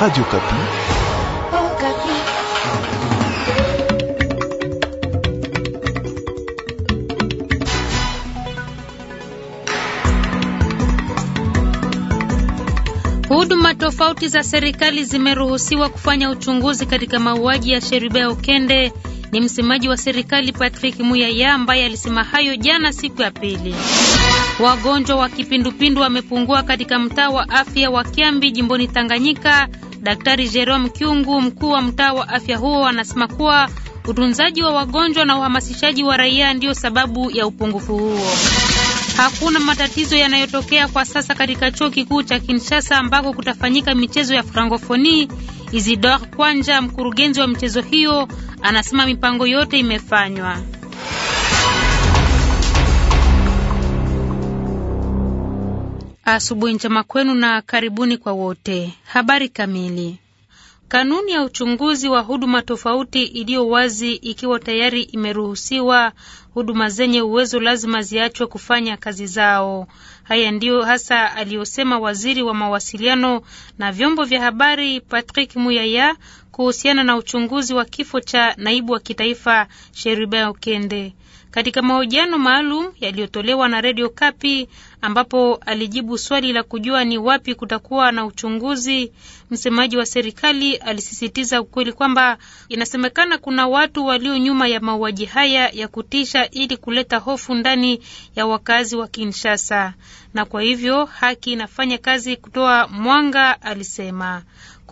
Radio Kapi. Oh, Kapi. Huduma tofauti za serikali zimeruhusiwa kufanya uchunguzi katika mauaji ya Sheribe Okende. Ni msemaji wa serikali Patrick Muyaya ambaye alisema hayo jana siku ya pili. Wagonjwa wa kipindupindu wamepungua katika mtaa wa afya wa Kiambi jimboni Tanganyika. Daktari Jerome Kyungu, mkuu wa mtaa wa afya huo, anasema kuwa utunzaji wa wagonjwa na uhamasishaji wa raia ndiyo sababu ya upungufu huo. Hakuna matatizo yanayotokea kwa sasa katika chuo kikuu cha Kinshasa ambako kutafanyika michezo ya Frankofoni. Isidore Kwanja, mkurugenzi wa michezo hiyo, anasema mipango yote imefanywa. Asubuhi njema kwenu na karibuni kwa wote. Habari kamili. Kanuni ya uchunguzi wa huduma tofauti iliyo wazi ikiwa tayari imeruhusiwa, huduma zenye uwezo lazima ziachwe kufanya kazi zao. Haya ndiyo hasa aliyosema waziri wa mawasiliano na vyombo vya habari Patrick Muyaya kuhusiana na uchunguzi wa kifo cha naibu wa kitaifa Sherubin Okende katika mahojiano maalum yaliyotolewa na redio Kapi ambapo alijibu swali la kujua ni wapi kutakuwa na uchunguzi, msemaji wa serikali alisisitiza ukweli kwamba inasemekana kuna watu walio nyuma ya mauaji haya ya kutisha ili kuleta hofu ndani ya wakazi wa Kinshasa, na kwa hivyo haki inafanya kazi kutoa mwanga, alisema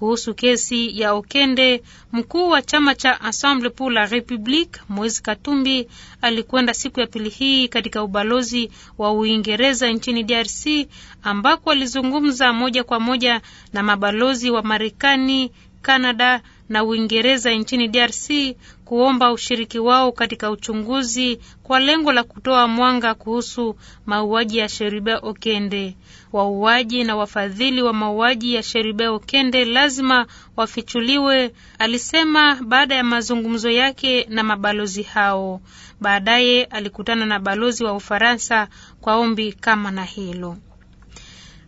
kuhusu kesi ya Okende, mkuu wa chama cha Ensemble pour la République Moise Katumbi alikwenda siku ya pili hii katika ubalozi wa Uingereza nchini DRC ambako alizungumza moja kwa moja na mabalozi wa Marekani, Kanada na Uingereza nchini DRC kuomba ushiriki wao katika uchunguzi kwa lengo la kutoa mwanga kuhusu mauaji ya Sheribe Okende. Wauaji na wafadhili wa mauaji ya Sheribe Okende lazima wafichuliwe, alisema baada ya mazungumzo yake na mabalozi hao. Baadaye alikutana na balozi wa Ufaransa kwa ombi kama na hilo.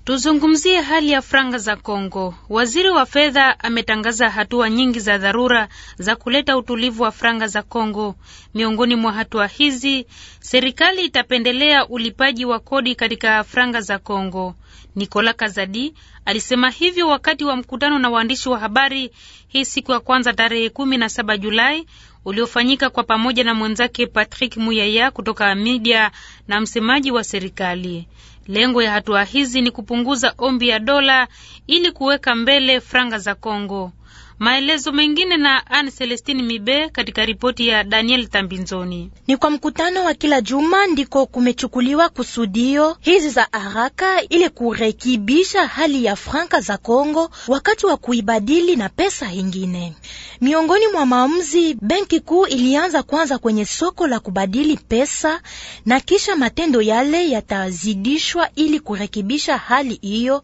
Tuzungumzie hali ya franga za Kongo. Waziri wa fedha ametangaza hatua nyingi za dharura za kuleta utulivu wa franga za Kongo. Miongoni mwa hatua hizi, serikali itapendelea ulipaji wa kodi katika franga za Kongo. Nikola Kazadi alisema hivyo wakati wa mkutano na waandishi wa habari hii siku ya kwanza tarehe 17 Julai uliofanyika kwa pamoja na mwenzake Patrick Muyaya kutoka media na msemaji wa serikali. Lengo ya hatua hizi ni kupunguza ombi ya dola ili kuweka mbele franga za Kongo. Maelezo mengine na Anne Celestine Mibe katika ripoti ya Daniel Tambinzoni. Ni kwa mkutano wa kila juma ndiko kumechukuliwa kusudio hizi za haraka ili kurekebisha hali ya franka za Kongo wakati wa kuibadili na pesa ingine. Miongoni mwa maamuzi, benki kuu ilianza kwanza kwenye soko la kubadili pesa na kisha matendo yale yatazidishwa ili kurekebisha hali hiyo,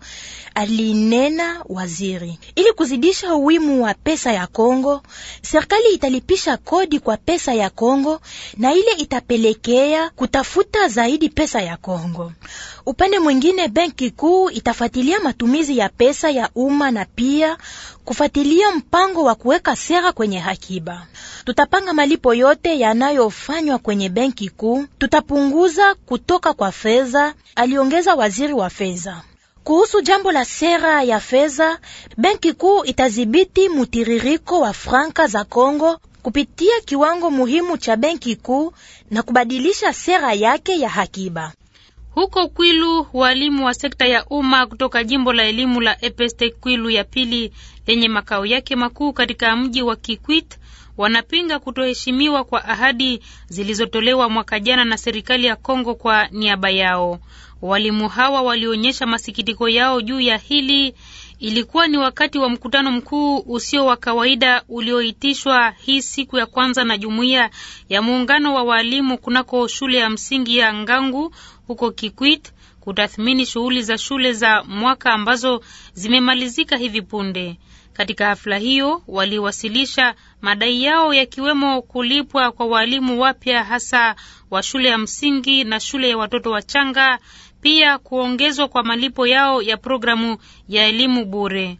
alinena waziri. Ili kuzidisha uwimu wa pesa ya Kongo. Serikali italipisha kodi kwa pesa ya Kongo na ile itapelekea kutafuta zaidi pesa ya Kongo. Upande mwingine, benki kuu itafuatilia matumizi ya pesa ya umma na pia kufuatilia mpango wa kuweka sera kwenye hakiba Tutapanga malipo yote yanayofanywa kwenye benki kuu, tutapunguza kutoka kwa fedha, aliongeza waziri wa fedha. Kuhusu jambo la sera ya fedha, benki kuu itadhibiti mutiririko wa franka za Kongo kupitia kiwango muhimu cha benki kuu na kubadilisha sera yake ya hakiba. Huko Kwilu, walimu wa sekta ya umma kutoka jimbo la elimu la EPST Kwilu ya pili lenye makao yake makuu katika mji wa Kikwit wanapinga kutoheshimiwa kwa ahadi zilizotolewa mwaka jana na serikali ya Kongo kwa niaba yao. Walimu hawa walionyesha masikitiko yao juu ya hili. Ilikuwa ni wakati wa mkutano mkuu usio wa kawaida ulioitishwa hii siku ya kwanza na jumuiya ya muungano wa waalimu kunako shule ya msingi ya Ngangu huko Kikwit kutathmini shughuli za shule za mwaka ambazo zimemalizika hivi punde. Katika hafla hiyo waliwasilisha madai yao yakiwemo kulipwa kwa walimu wapya hasa wa shule ya msingi na shule ya watoto wachanga, pia kuongezwa kwa malipo yao ya programu ya elimu bure.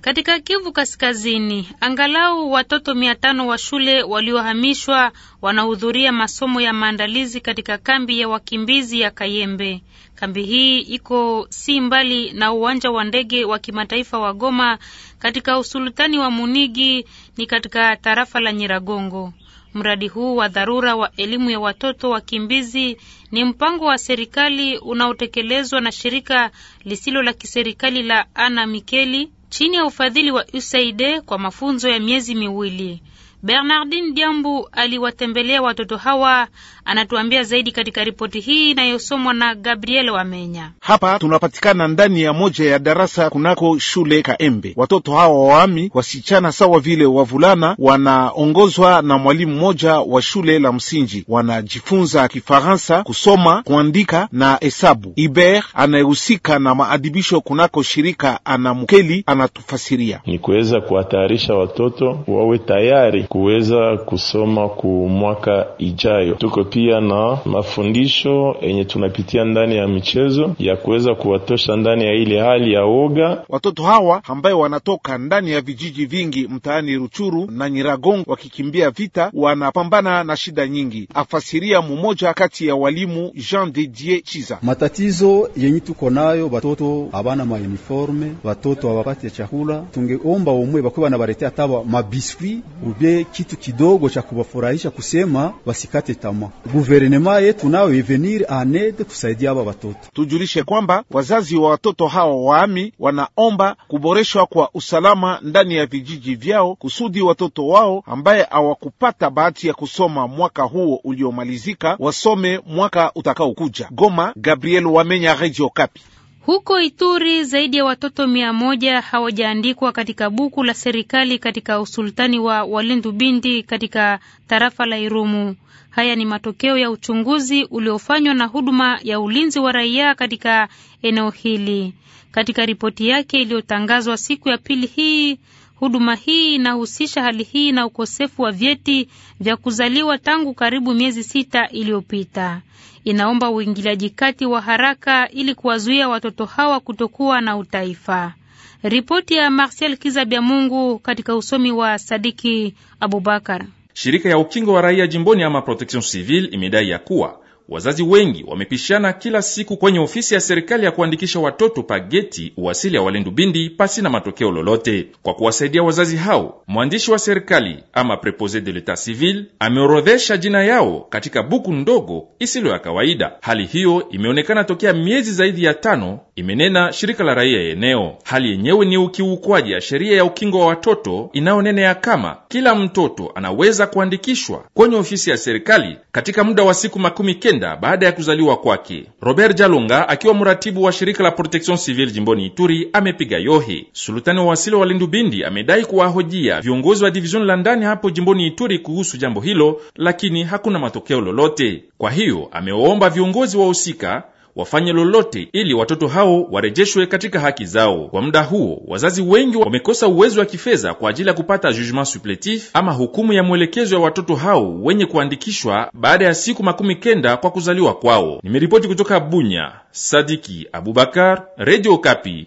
Katika Kivu Kaskazini, angalau watoto mia tano wa shule waliohamishwa wanahudhuria masomo ya maandalizi katika kambi ya wakimbizi ya Kayembe. Kambi hii iko si mbali na uwanja wa ndege wa kimataifa wa Goma katika usultani wa Munigi ni katika tarafa la Nyiragongo. Mradi huu wa dharura wa elimu ya watoto wakimbizi ni mpango wa serikali unaotekelezwa na shirika lisilo la kiserikali la Ana Mikeli chini ya ufadhili wa USAID kwa mafunzo ya miezi miwili. Bernardin Diambu aliwatembelea watoto hawa, anatuambia zaidi katika ripoti hii inayosomwa na Gabriel Wamenya. Hapa tunapatikana ndani ya moja ya darasa kunako shule Kaembe. Watoto hawa waami wasichana sawa vile wavulana wanaongozwa na mwalimu mmoja wa shule la msingi, wanajifunza Kifaransa, kusoma, kuandika na hesabu. Iber anayehusika na maadibisho kunako shirika Anamkeli anatufasiria ni kuweza kuwatayarisha watoto wawe tayari kuweza kusoma ku mwaka ijayo. Tuko pia na mafundisho yenye tunapitia ndani ya michezo ya kuweza kuwatosha ndani ya ile hali ya woga watoto hawa ambayo wanatoka ndani ya vijiji vingi mtaani Ruchuru na Nyiragongo wakikimbia vita, wanapambana na shida nyingi. Afasiria mmoja kati ya walimu Jean Didier Chiza: matatizo yenye tuko nayo, watoto habana mauniforme, watoto hawapati ya chakula. Tungeomba umwe bakuwa na baretea tawa mabiskuit ubie kitu kidogo cha kubafurahisha kusema wasikate tama. Guvernema yetu nayo ivenir anede kusaidia aba watoto. Tujulishe kwamba wazazi wa watoto hawa waami wanaomba kuboreshwa kwa usalama ndani ya vijiji vyao kusudi watoto wao ambaye hawakupata bahati ya kusoma mwaka huo uliomalizika wasome mwaka utakaokuja. Goma, Gabriel Wamenya, Radio Kapi. Huko Ituri zaidi ya watoto mia moja hawajaandikwa katika buku la serikali katika usultani wa Walendu Bindi katika tarafa la Irumu. Haya ni matokeo ya uchunguzi uliofanywa na huduma ya ulinzi wa raia katika eneo hili. Katika ripoti yake iliyotangazwa siku ya pili hii, huduma hii inahusisha hali hii na ukosefu wa vyeti vya kuzaliwa tangu karibu miezi sita iliyopita inaomba uingiliaji kati wa haraka ili kuwazuia watoto hawa kutokuwa na utaifa. Ripoti ya Marcel Mungu katika usomi wa Sadiki Abubakar. Shirika ya ukingo wa raia jimboni ama Protection Civile imedai ya kuwa Wazazi wengi wamepishana kila siku kwenye ofisi ya serikali ya kuandikisha watoto pageti uwasili ya Walendu Bindi pasi na matokeo lolote. Kwa kuwasaidia wazazi hao, mwandishi wa serikali ama prepose de l'etat civil ameorodhesha jina yao katika buku ndogo isilo ya kawaida. Hali hiyo imeonekana tokea miezi zaidi ya tano, imenena shirika la raia ya eneo. Hali yenyewe ni ukiukwaji ya sheria ya ukingo wa watoto inayonena ya kama kila mtoto anaweza kuandikishwa kwenye ofisi ya serikali katika muda wa siku makumi kenda huenda baada ya kuzaliwa kwake. Robert jalunga akiwa mratibu wa shirika la Protection Civil jimboni Ituri amepiga yohe. Sultani wa Wasile wa Lindu Bindi amedai kuwahojia viongozi wa divizioni la ndani hapo jimboni Ituri kuhusu jambo hilo, lakini hakuna matokeo lolote. Kwa hiyo amewaomba viongozi wahusika wafanye lolote ili watoto hao warejeshwe katika haki zao. Kwa muda huo, wazazi wengi wamekosa uwezo wa kifedha kwa ajili ya kupata jugement suppletif ama hukumu ya mwelekezo ya watoto hao wenye kuandikishwa baada ya siku makumi kenda kwa kuzaliwa kwao. Nimeripoti kutoka Bunya, Sadiki Abubakar, Radio Kapi.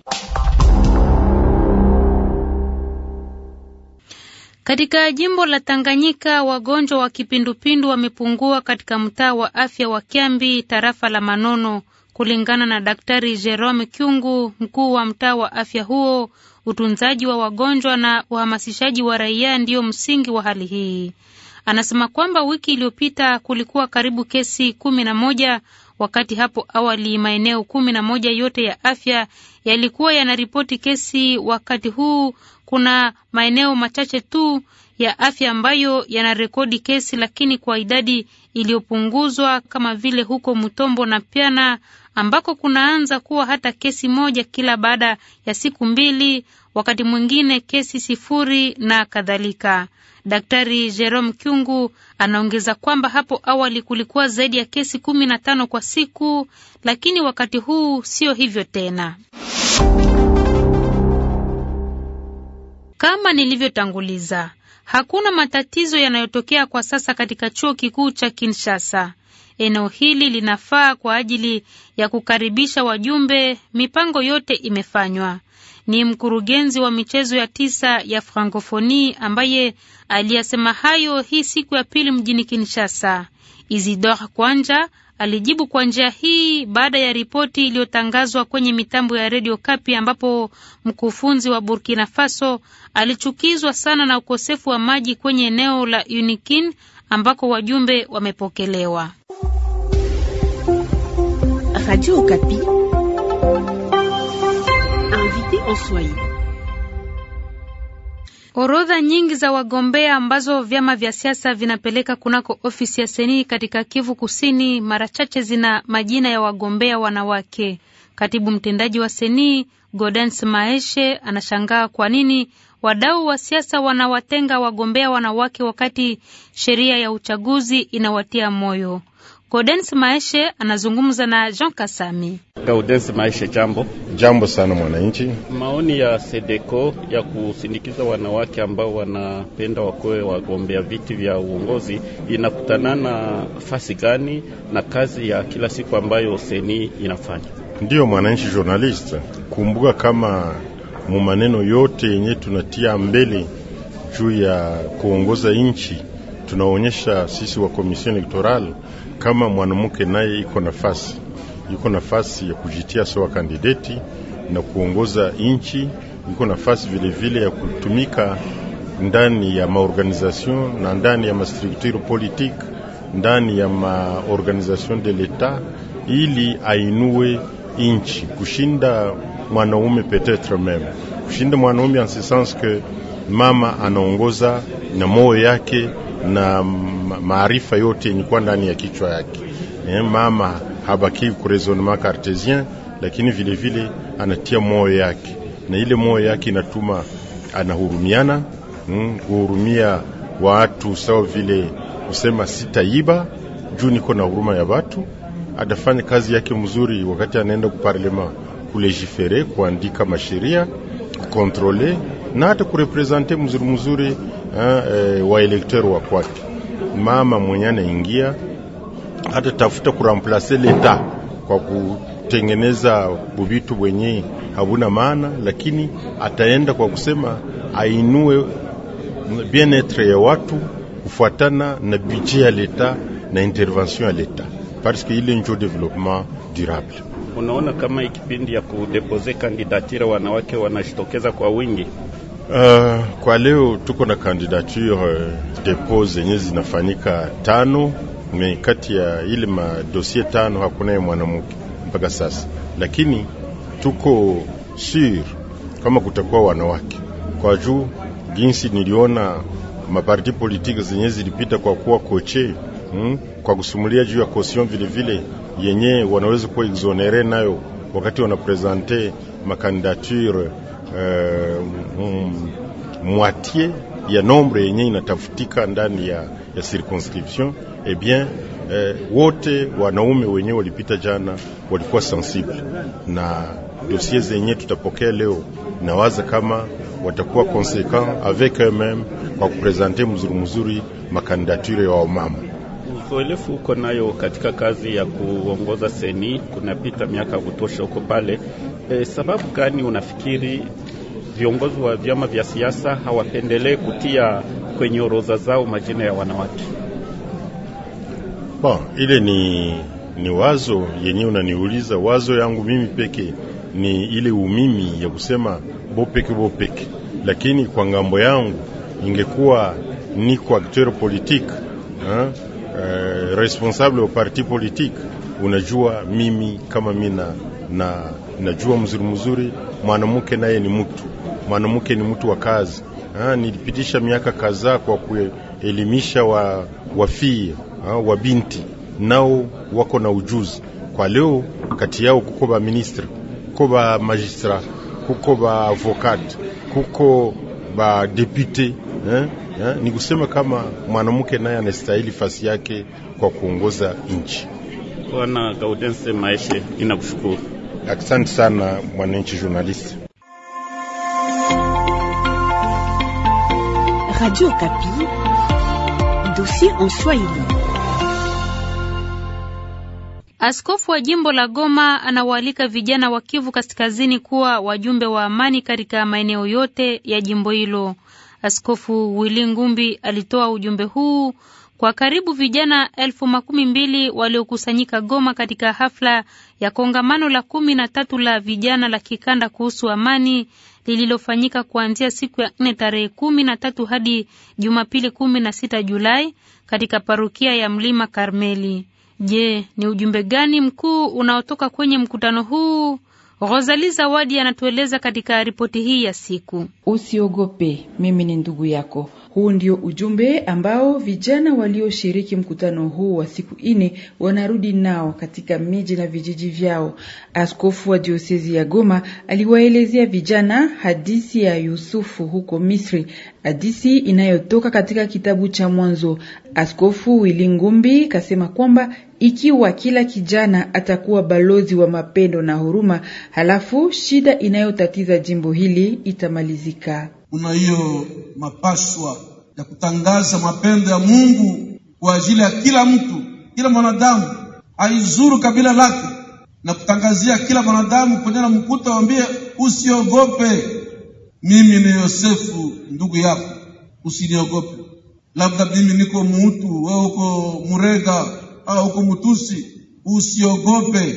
Katika jimbo la Tanganyika wagonjwa wa kipindupindu wamepungua katika mtaa wa afya wa Kiambi, tarafa la Manono. Kulingana na Daktari Jerome Kyungu, mkuu wa mtaa wa afya huo, utunzaji wa wagonjwa na uhamasishaji wa raia ndiyo msingi wa hali hii. Anasema kwamba wiki iliyopita kulikuwa karibu kesi kumi na moja wakati hapo awali maeneo kumi na moja yote ya afya yalikuwa yanaripoti kesi. Wakati huu kuna maeneo machache tu ya afya ambayo yanarekodi kesi, lakini kwa idadi iliyopunguzwa kama vile huko Mutombo na Pyana ambako kunaanza kuwa hata kesi moja kila baada ya siku mbili, wakati mwingine kesi sifuri na kadhalika. Daktari Jerome Kyungu anaongeza kwamba hapo awali kulikuwa zaidi ya kesi kumi na tano kwa siku, lakini wakati huu sio hivyo tena. Kama nilivyotanguliza, hakuna matatizo yanayotokea kwa sasa katika chuo kikuu cha Kinshasa. Eneo hili linafaa kwa ajili ya kukaribisha wajumbe. Mipango yote imefanywa. Ni mkurugenzi wa michezo ya tisa ya Frankofoni ambaye aliyasema hayo hii siku ya pili mjini Kinshasa. Isidore Kwanja alijibu kwa njia hii baada ya ripoti iliyotangazwa kwenye mitambo ya redio Kapi, ambapo mkufunzi wa Burkina Faso alichukizwa sana na ukosefu wa maji kwenye eneo la Unikin ambako wajumbe wamepokelewa. Radio Kapi. Orodha nyingi za wagombea ambazo vyama vya siasa vinapeleka kunako ofisi ya Seni katika Kivu Kusini mara chache zina majina ya wagombea wanawake. Katibu mtendaji wa Seni Godens Maeshe anashangaa kwa nini wadau wa siasa wanawatenga wagombea wanawake wakati sheria ya uchaguzi inawatia moyo. Gaudens Maeshe anazungumza na Jean Kasami. Gaudens Maeshe, jambo. Jambo sana mwananchi. Maoni ya Sedeko ya kusindikiza wanawake ambao wanapenda wakowe wagombea viti vya uongozi inakutana na fasi gani na kazi ya kila siku ambayo seni inafanya? Ndiyo mwananchi journalist, kumbuka kama mu maneno yote yenye tunatia mbele juu ya kuongoza nchi tunaonyesha sisi wa komisioni elektorali kama mwanamke naye iko nafasi iko nafasi ya kujitia sawa kandideti na kuongoza nchi, iko nafasi vilevile ya kutumika ndani ya maorganisation na ndani ya mastrukture politique ndani ya organisation de l'etat ili ainue nchi kushinda mwanaume peut-etre meme kushinda mwanaume en ce sens que mama anaongoza na moyo yake na maarifa yote yenye ndani ya kichwa yake. Eh, mama habaki kuresonema cartesien, lakini vile vile anatia moyo yake, na ile moyo yake inatuma anahurumiana, hmm, kuhurumia watu sawa vile kusema sitaiba juu niko na huruma ya watu. Atafanya kazi yake mzuri wakati anaenda kuparlema kulegifere kuandika masheria, kukontrole na hata kurepresente mzuri mzuri e, eh, eh, waelekteri wa kwake mama mwenye anaingia hata tafuta kuramplase leta kwa kutengeneza bubitu bwenye habuna maana, lakini ataenda kwa kusema ainue bien-être ya watu kufuatana na budget ya leta na intervention ya leta parce que ile njo development durable. Unaona kama ikipindi ya kudepose kandidatira wanawake wanashitokeza kwa wingi Uh, kwa leo tuko na candidature uh, depo zenye zinafanyika tano, ni kati ya ile madosie tano hakunaye mwanamke mpaka sasa, lakini tuko sur kama kutakuwa wanawake kwa juu jinsi niliona maparti politiki zenye zilipita kwa kuwa koche mm, kwa kusumulia juu ya kosion vilevile yenye wanaweza kuwa exonere nayo wakati wanaprezante makandidature uh, mwatie ya nombre yenye inatafutika ndani ya, ya circonscription eh bien eh, wote wanaume wenye walipita jana walikuwa sensible na dosie zenye tutapokea leo. Nawaza kama watakuwa conséquent avec eux-mêmes kwa kupresente mzuri mzuri makandidature ya wamama. Uzoelefu uko nayo katika kazi ya kuongoza seni, kunapita miaka ya kutosha huko pale, E, sababu gani unafikiri viongozi wa vyama vya siasa hawapendelee kutia kwenye orodha zao majina ya wanawake? Bon, ile ni, ni wazo yenyewe unaniuliza. Wazo yangu mimi peke ni ile umimi ya kusema bo peke bo peke lakini kwa ngambo yangu ingekuwa niko akteur politique eh, responsable wa parti politique. Unajua mimi kama mina na najua mzuri mzuri, mwanamke naye ni mtu, mwanamke ni mtu wa kazi. Ha, nilipitisha miaka kadhaa kwa kuelimisha wa wafia wa binti nao wako na ujuzi kwa leo. Kati yao kuko ba ministre, kuko ba magistrat, kuko ba avocat, kuko ba depute eh? Eh? Ni kusema kama mwanamke naye anastahili fasi yake kwa kuongoza nchi. Bwana Gaudense Maeshe, inakushukuru. Asante sana mwananchi journalist. Radio Kapi, dossier en Swahili. Askofu wa jimbo la Goma anawaalika vijana wa Kivu Kaskazini kuwa wajumbe wa amani katika maeneo yote ya jimbo hilo. Askofu Wili Ngumbi alitoa ujumbe huu kwa karibu vijana elfu makumi mbili waliokusanyika Goma katika hafla ya kongamano la kumi na tatu la vijana la kikanda kuhusu amani lililofanyika kuanzia siku ya nne tarehe kumi na tatu hadi Jumapili kumi na sita Julai katika parukia ya Mlima Karmeli. Je, ni ujumbe gani mkuu unaotoka kwenye mkutano huu? Rosali Zawadi anatueleza katika ripoti hii ya siku. Usiogope, mimi ni ndugu yako. Huu ndio ujumbe ambao vijana walioshiriki mkutano huu wa siku ine wanarudi nao katika miji na vijiji vyao. Askofu wa diosezi ya Goma aliwaelezea vijana hadithi ya Yusufu huko Misri, hadithi inayotoka katika kitabu cha Mwanzo. Askofu Wili Ngumbi kasema kwamba ikiwa kila kijana atakuwa balozi wa mapendo na huruma, halafu shida inayotatiza jimbo hili itamalizika kuna hiyo mapaswa ya kutangaza mapendo ya Mungu kwa ajili ya kila mtu, kila mwanadamu aizuru kabila lake na kutangazia kila mwanadamu kwenye na mkuta, waambie usiogope, mimi ni Yosefu ndugu yako, usiniogope. Labda mimi niko muhutu wewe uko murega au uko mutusi, usiogope,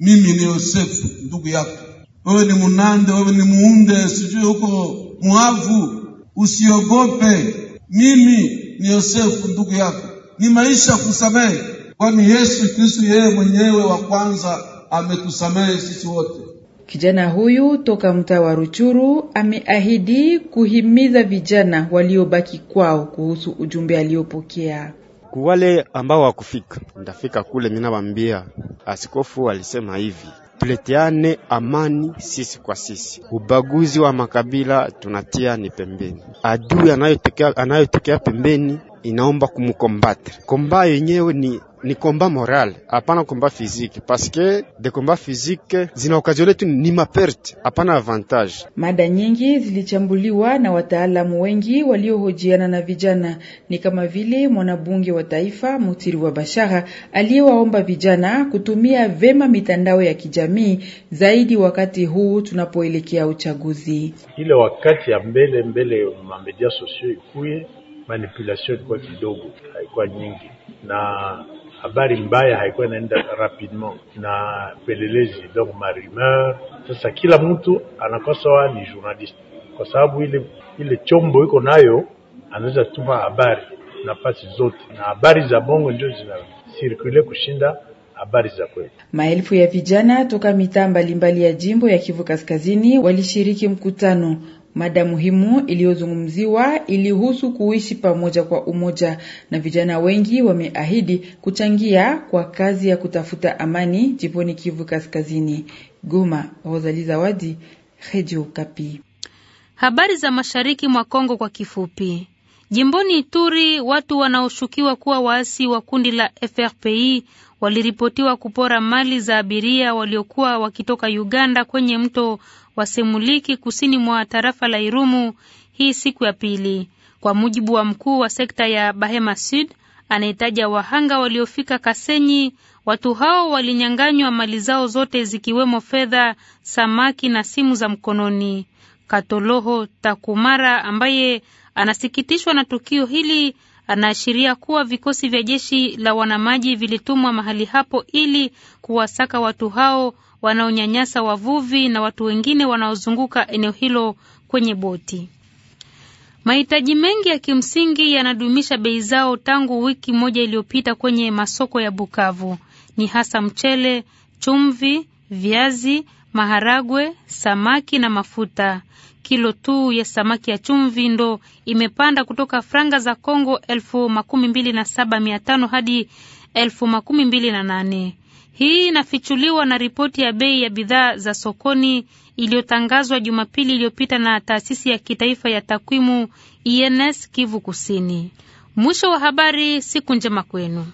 mimi ni Yosefu ndugu yako. Wewe ni munande, wewe ni muunde, sijui huko mwavu, usiogope. Mimi ni Yosefu ndugu yako, ni maisha kusamehe, kwani Yesu Kristo yeye mwenyewe wa kwanza ametusamehe sisi wote. Kijana huyu toka mtaa wa Ruchuru ameahidi kuhimiza vijana waliobaki kwao kuhusu ujumbe aliopokea. Kuwale ambao wakufika, ndafika kule, minawambia askofu alisema hivi tuleteane amani sisi kwa sisi, ubaguzi wa makabila tunatia ni pembeni, adui anayotokea anayotokea pembeni inaomba kumukombatre komba yenyewe ni ni komba moral hapana komba fizike, paske de komba fizike zina okazione tu ni maperte hapana avantage. Mada nyingi zilichambuliwa na wataalamu wengi waliohojiana na vijana, ni kama vile mwanabunge wa taifa Mutiri wa Bashara aliyewaomba vijana kutumia vema mitandao ya kijamii zaidi wakati huu tunapoelekea uchaguzi, ile wakati ya mbele mbele mamedia sosio ikuye manipulation ilikuwa kidogo, haikuwa nyingi, na habari mbaya haikuwa inaenda rapidement na pelelezi, donc marumeur. Sasa kila mtu anakosoa ni journalist, kwa sababu ile ile chombo iko nayo, anaweza tuma habari nafasi zote, na habari za bongo ndio zinasirkule kushinda habari za kweli. Maelfu ya vijana toka mitaa mbalimbali ya jimbo ya Kivu Kaskazini walishiriki mkutano Mada muhimu iliyozungumziwa ilihusu kuishi pamoja kwa umoja, na vijana wengi wameahidi kuchangia kwa kazi ya kutafuta amani jimboni Kivu Kaskazini. Goma, Rosali Zawadi, Redio Kapi. Habari za mashariki mwa Kongo kwa kifupi. Jimboni Ituri, watu wanaoshukiwa kuwa waasi wa kundi la FRPI waliripotiwa kupora mali za abiria waliokuwa wakitoka Uganda kwenye mto Semuliki kusini mwa tarafa la Irumu hii siku ya pili. Kwa mujibu wa mkuu wa sekta ya Bahema Sud anayetaja wahanga waliofika Kasenyi, watu hao walinyang'anywa mali zao zote zikiwemo fedha, samaki na simu za mkononi. Katoloho Takumara ambaye anasikitishwa na tukio hili anaashiria kuwa vikosi vya jeshi la wanamaji vilitumwa mahali hapo ili kuwasaka watu hao wanaonyanyasa wavuvi na watu wengine wanaozunguka eneo hilo kwenye boti. Mahitaji mengi ya kimsingi yanadumisha bei zao tangu wiki moja iliyopita kwenye masoko ya Bukavu. Ni hasa mchele, chumvi, viazi, maharagwe, samaki na mafuta. Kilo tu ya samaki ya chumvi ndo imepanda kutoka franga za congo elfu makumi mbili na saba mia tano hadi elfu makumi mbili na nane. Hii inafichuliwa na ripoti ya bei ya bidhaa za sokoni iliyotangazwa Jumapili iliyopita na taasisi ya kitaifa ya takwimu INS Kivu Kusini. Mwisho wa habari. Siku njema kwenu.